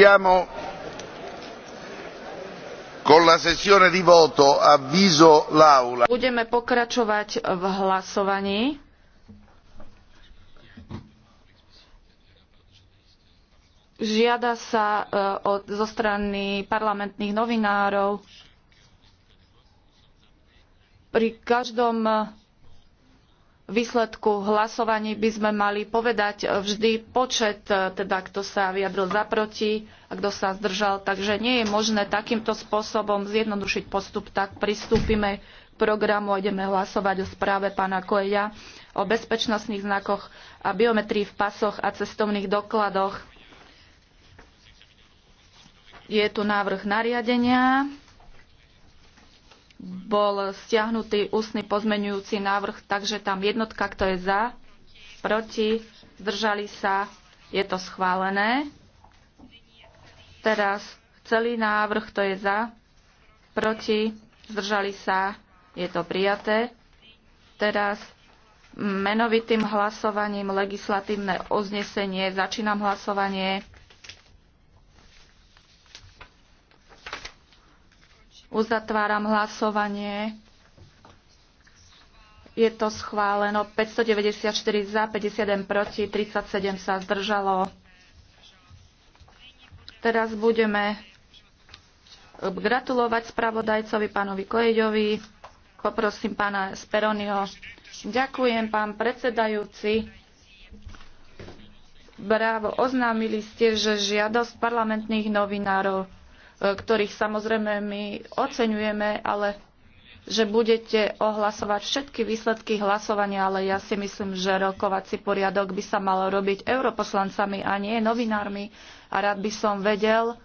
Procediamo con la sessione di voto. Avviso l'Aula. Budeme pokračovať v hlasovaní. Žiada sa uh, od, zo strany parlamentných novinárov pri každom uh, výsledku hlasovaní by sme mali povedať vždy počet, e, teda kto sa vyjadril za proti a kto sa zdržal. Takže nie je možné takýmto spôsobom zjednodušiť postup. Tak pristúpime k programu a ideme hlasovať o správe pána Koeja o bezpečnostných znakoch a biometrii v pasoch a cestovných dokladoch. Je tu návrh nariadenia bol stiahnutý ústny pozmenujúci návrh, takže tam jednotka, kto je za, proti, zdržali sa, je to schválené. Teraz celý návrh, kto je za, proti, zdržali sa, je to prijaté. Teraz menovitým hlasovaním legislatívne uznesenie. Začínam hlasovanie. Uzatváram hlasovanie. Je to schváleno 594 za, 51 proti, 37 sa zdržalo. Teraz budeme eh, gratulovať spravodajcovi pánovi Kojeďovi. Poprosím pána Speroniho. Ďakujem, pán predsedajúci. Bravo, oznámili ste, že žiadosť parlamentných novinárov E, ktorých samozrejme my oceňujeme, ale že budete ohlasovať všetky výsledky hlasovania, ale ja si myslím, že rokovací poriadok by sa mal robiť europoslancami a nie novinármi. A rád by som vedel,